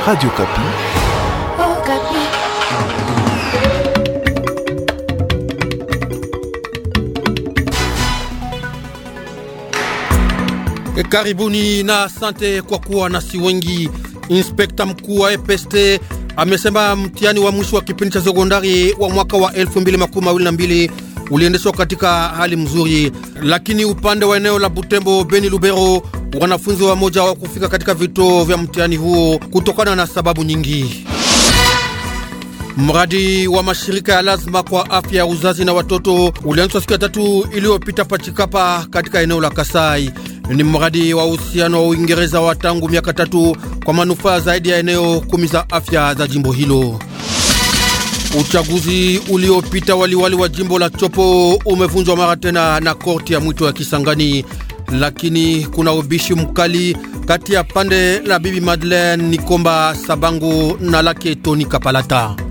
Radio Kapi. Oh, Kapi. E, karibuni na asante kwa kuwa nasi wengi. Inspekta mkuu wa EPST amesema mtihani wa mwisho wa kipindi cha sekondari wa mwaka wa 2022 uliendeshwa katika hali mzuri, lakini upande wa eneo la Butembo, Beni, Lubero wanafunzi wa moja wa kufika katika vituo vya mtihani huo kutokana na sababu nyingi. Mradi wa mashirika ya lazima kwa afya ya uzazi na watoto ulianzishwa siku ya tatu iliyopita Pachikapa katika eneo la Kasai. Ni mradi wa uhusiano wa Uingereza wa tangu miaka tatu kwa manufaa zaidi ya eneo kumi za afya za jimbo hilo. Uchaguzi uliopita waliwali wa jimbo la Chopo umevunjwa mara tena na korti ya mwito ya Kisangani lakini kuna ubishi mkali kati ya pande la bibi Madeleine Nikomba Sabangu na lake Toni Kapalata.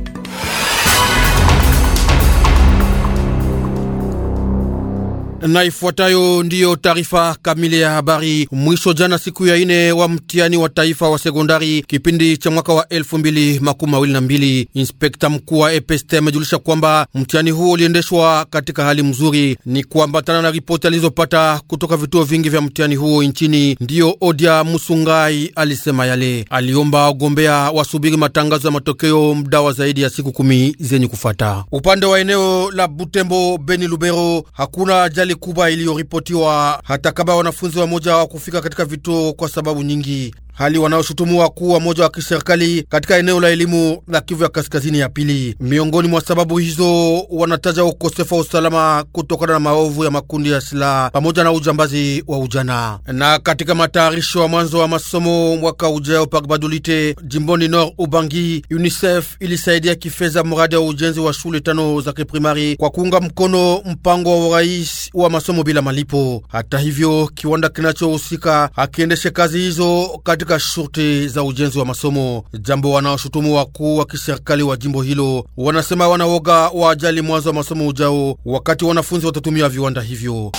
na ifuatayo ndiyo taarifa kamili ya habari. Mwisho jana siku ya ine wa mtihani wa taifa wa sekondari kipindi cha mwaka wa elfu mbili makumi mawili na mbili, inspekta mkuu wa EPST amejulisha kwamba mtihani huo uliendeshwa katika hali mzuri, ni kuambatana na ripoti alizopata kutoka vituo vingi vya mtihani huo nchini. Ndiyo Odia Musungai alisema yale, aliomba wagombea wasubiri matangazo ya matokeo muda wa zaidi ya siku kumi zenye kufata. Upande wa eneo la Butembo, Beni, Lubero hakuna ajali ajali kubwa iliyoripotiwa, hata kama wanafunzi wa moja wa kufika katika vituo kwa sababu nyingi hali wanaoshutumiwa kuwa moja wa kiserikali katika eneo la elimu la Kivu ya kaskazini ya pili. Miongoni mwa sababu hizo wanataja ukosefu wa usalama kutokana na maovu ya makundi ya silaha pamoja na ujambazi wa ujana. Na katika matayarisho wa mwanzo wa masomo mwaka ujao Pakbadulite jimboni Nord Ubangi, UNICEF ilisaidia kifedha mradi wa ujenzi wa shule tano za kiprimari kwa kuunga mkono mpango wa urais wa masomo bila malipo. Hata hivyo, kiwanda kinachohusika hakiendeshe kazi hizo katika katika shurti za ujenzi wa masomo, jambo wanaoshutumu wakuu wa kiserikali wa jimbo hilo. Wanasema wanawoga wa ajali mwanzo wa masomo ujao, wakati wanafunzi watatumia viwanda hivyo.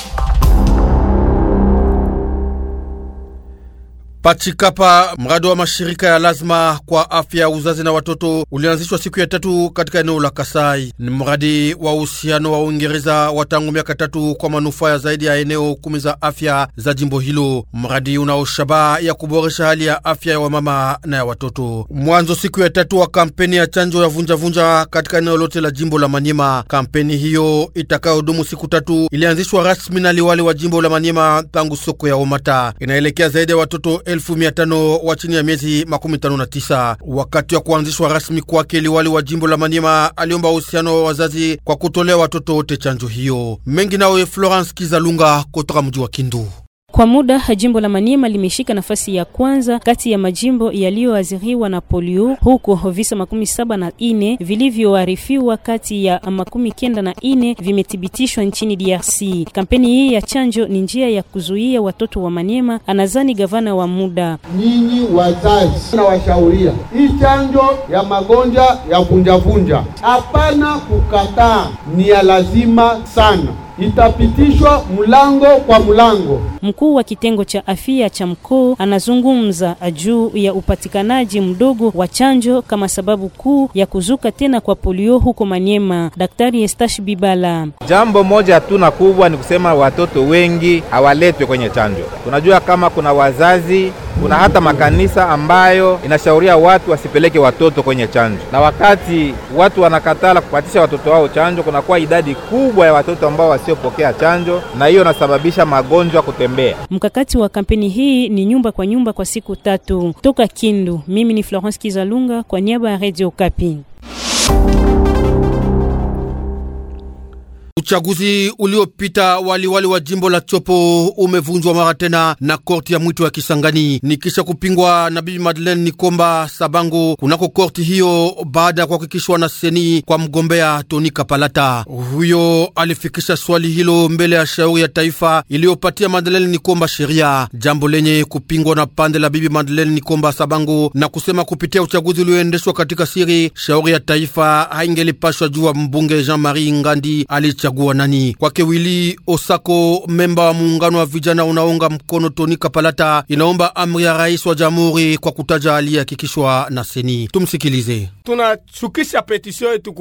Pachikapa, mradi wa mashirika ya lazima kwa afya ya uzazi na watoto ulianzishwa siku ya tatu katika eneo la Kasai. Ni mradi wa uhusiano wa Uingereza wa tangu miaka tatu kwa manufaa ya zaidi ya eneo kumi za afya za jimbo hilo. Mradi unao shabaha ya kuboresha hali ya afya ya wamama na ya watoto. Mwanzo siku ya tatu wa kampeni ya chanjo ya vunjavunja vunja katika eneo lote la jimbo la Manyema. Kampeni hiyo itakayodumu siku tatu ilianzishwa rasmi na liwali wa jimbo la Manyema tangu soko ya Omata. Inaelekea zaidi ya watoto elfu mia tano wa chini ya miezi makumi tano na tisa. Wakati wa kuanzishwa rasmi kwake, liwali wa jimbo la Manyema aliomba uhusiano wa wazazi kwa kutolea watoto wote chanjo hiyo. Mengi nawe Florence Kizalunga kutoka mji wa Kindu. Kwa muda jimbo la Maniema limeshika nafasi ya kwanza kati ya majimbo yaliyoathiriwa na polio, huku visa makumi saba na ine vilivyoarifiwa kati ya makumi kenda na ine vimethibitishwa nchini DRC. Kampeni hii ya chanjo ni njia ya kuzuia watoto wa Maniema, anazani gavana wa muda. Ninyi wazazi, washauria hii chanjo ya magonjwa ya vunjavunja, hapana kukataa, ni ya lazima sana itapitishwa mlango kwa mlango. Mkuu wa kitengo cha afya cha mkuu anazungumza juu ya upatikanaji mdogo wa chanjo kama sababu kuu ya kuzuka tena kwa polio huko Manyema. Daktari Estash Bibala: jambo moja na kubwa ni kusema watoto wengi hawaletwe kwenye chanjo. Tunajua kama kuna wazazi kuna hata makanisa ambayo inashauria watu wasipeleke watoto kwenye chanjo, na wakati watu wanakatala kupatisha watoto wao chanjo, kunakuwa idadi kubwa ya watoto ambao wasiopokea chanjo, na hiyo inasababisha magonjwa kutembea. Mkakati wa kampeni hii ni nyumba kwa nyumba kwa siku tatu. Toka Kindu, mimi ni Florence Kizalunga kwa niaba ya Radio Kapi. Uchaguzi uliopita waliwali wa jimbo la Chopo umevunjwa mara tena na korti ya mwito ya Kisangani ni kisha kupingwa na bibi Madeleine Nikomba Sabango kunako korti hiyo, baada ya kuhakikishwa na seni kwa mgombea Toni Kapalata. Huyo alifikisha swali hilo mbele ya shauri ya taifa iliyopatia Madeleine Nikomba sheria, jambo lenye kupingwa na pande la bibi Madeleine Nikomba Sabango na kusema kupitia uchaguzi ulioendeshwa katika siri, shauri ya taifa haingelipashwa juu wa mbunge Jean Marie Ngandi alicha atachagua nani. Kwake Wili Osako, memba wa muungano wa vijana unaunga mkono Toni Kapalata, inaomba amri ya rais wa jamhuri kwa kutaja aliyehakikishwa na seni. Tumsikilize. tunashukisha petisio yetu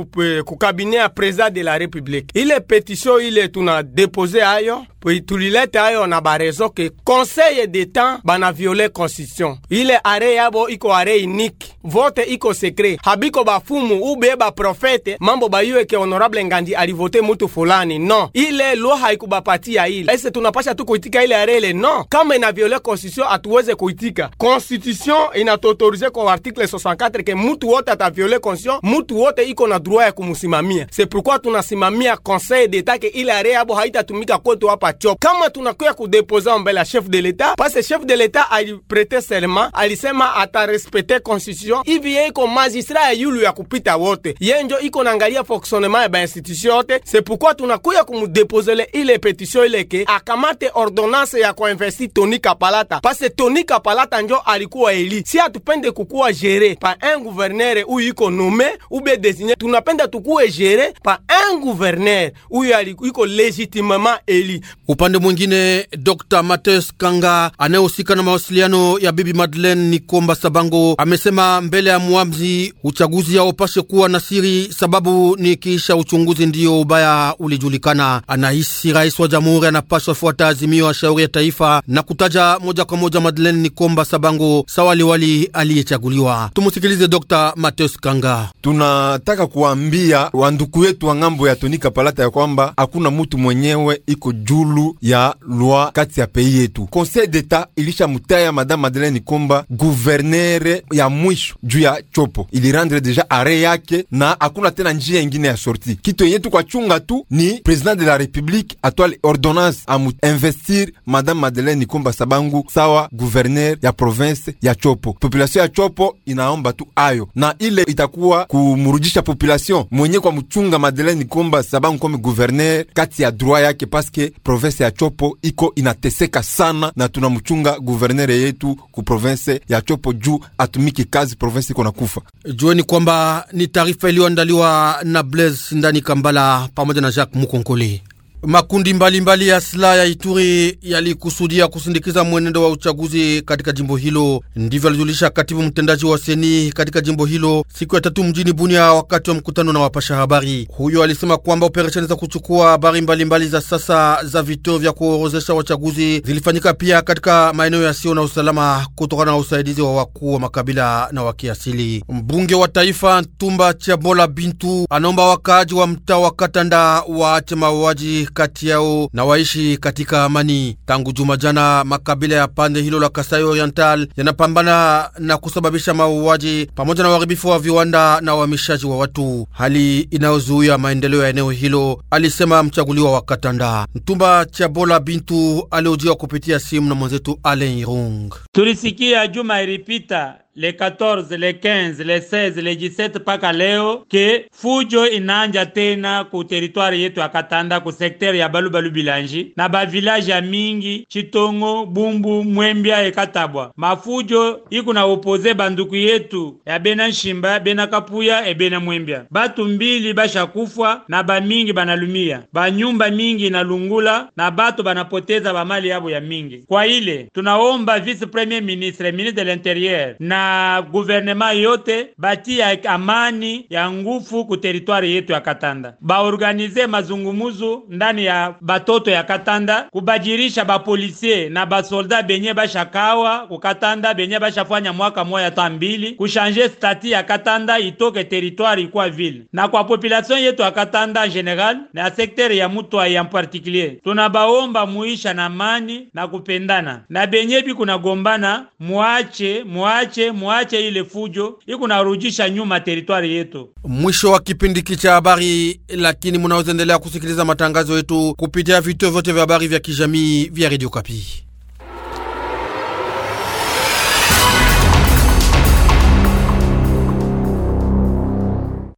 kukabine ya prezida de la republike. Ile petisio ile tunadepose ayo tulilete ayo na barezo ke conseil d'etat bana viole constitution. Ile are yabo iko are iniki, vote iko sekre, habiko bafumu ube baprofete, mambo bayue ke honorable Ngandi alivote mutu fulani no, ile à haikubapatia ile ese, tunapasha tu kuitika ile arele no, kama ina viole constitution atuweze kuitika. Constitution autorisé kwa article 64 ke mutu wote ataviole constitution, mutu wote iko na droit ya kumusimamia. C'est pourquoi tunasimamia conseil d'etat ke ile tu abo haitatumika kwetu hapa chop, kama tunakuya kudepoza mbele ya chef de l'etat, parce chef de l'etat aliprete serment, alisema atarespecte constitution il vient comme magistrat ya yulu ya kupita wote, yenjo iko naangalia fonctionnement ya ba institution c'est tulikuwa tunakuya kumudepozele ile petition ileke akamate ordonanse ya kuinvesti Tony Kapalata pase Tony Kapalata njo alikuwa eli. Si atupende kukuwa gere pa un gouverneur uyu iko nome ube designe, tunapenda tukuwe gere pa un gouverneur uyu iko legitimement eli. Upande mwingine, Dr. Mateus Kanga anayehusika na mawasiliano ya bibi Madeleine Nikomba Sabango amesema mbele ya muamzi uchaguzi yaopashe kuwa na siri, sababu ni kiisha uchunguzi ndiyo ubaya ulijulikana. Anahisi rais wa jamhuri anapaswa fuata azimio ya shauri ya taifa na kutaja moja kwa moja Madeleine Nikomba Sabango sawaliwali aliyechaguliwa. Tumusikilize Dr. Mateus Kanga. Tunataka kuambia wanduku wetu wa ngambo ya Tonika Palata ya kwamba hakuna mutu mwenyewe iko julu ya lwa kati ya pei yetu. Conseil d'etat ilishamutaya madame Madeleine Nikomba guvernere ya mwisho juu ya chopo ilirandre deja are yake, na hakuna tena njia ingine ya sorti. Kitu yenye tukwachunga tu ni president de la republique atwali ordonnance amuinvestir madame Madeleine Nikumba Sabangu sawa guverner ya province ya Chopo. Population ya Chopo inaomba tu ayo, na ile itakuwa kumurudisha population mwenye kwa mchunga Madeleine Nikumba Sabangu komi guverner kati ya droit yake, paske province ya Chopo iko inateseka sana, na tunamuchunga guverner yetu ku province ya Chopo juu atumiki kazi, province iko nakufa. Jueni kwamba ni taarifa iliyoandaliwa na Blaise ndani Kambala pamoja na Jacques Moukonkole. Makundi mbalimbali mbali ya silaha ya Ituri yalikusudia kusindikiza mwenendo wa uchaguzi katika jimbo hilo. Ndivyo alijulisha katibu mtendaji wa seni katika jimbo hilo siku ya tatu mjini Bunia, wakati wa mkutano na wapasha habari. Huyo alisema kwamba operesheni za kuchukua habari mbalimbali za sasa za vituo vya kuorozesha wachaguzi zilifanyika pia katika maeneo yasiyo na usalama kutokana na usaidizi wa wakuu wa makabila na wa kiasili. Mbunge wa taifa Ntumba Chabola Bintu anaomba wakaaji wa mtaa wa Katanda waache mauaji kati yao na waishi katika amani. Tangu juma jana, makabila ya pande hilo la Kasai Oriental yanapambana na kusababisha mauaji pamoja na uharibifu wa viwanda na uhamishaji wa watu, hali inayozuia maendeleo ya eneo hilo, alisema mchaguliwa wa Katanda Mtumba Chabola Bintu aliojiwa kupitia simu na mwenzetu Alen Irung. Tulisikia juma ilipita le 14, le 15, le 16, le 17 mpaka leo ke fujo inaanja e tena ku teritwari yetu ya Katanda ku sekteri ya Balubalu Bilanji na bavilaji ya mingi Chitongo, Bumbu, Mwembya ekatabwa. Mafujo iku na opoze banduku yetu ya bena Nshimba, bena Kapuya, ebena Mwembya. Batu mbili bashakufwa na bamingi banalumia, banyumba mingi inalungula na batu banapoteza bamali yabo ya mingi. Kwa ile tunaomba vice premier ministre ministre de l'interieur na na guvernema yote batia amani ya ngufu ku teritwari yetu ya Katanda, baorganize mazungumuzo ndani ya batoto ya Katanda, kubajirisha bapolisie na basolda benye bashakawa ku Katanda benye bashafanya mwaka moya ta mbili, kushanje stati ya Katanda itoke teritwari kwa ville na kwa population yetu ya Katanda general na sektere ya Mutwai en particulier. Tunabaomba muisha na amani na kupendana, na benye bikunagombana muache muache muache ile fujo ikunarujisha nyuma teritwari yetu. Mwisho wa kipindi hiki cha habari, lakini munaweza endelea kusikiliza matangazo yetu kupitia vituo vyote vya habari vya kijamii vya Radio Kapi.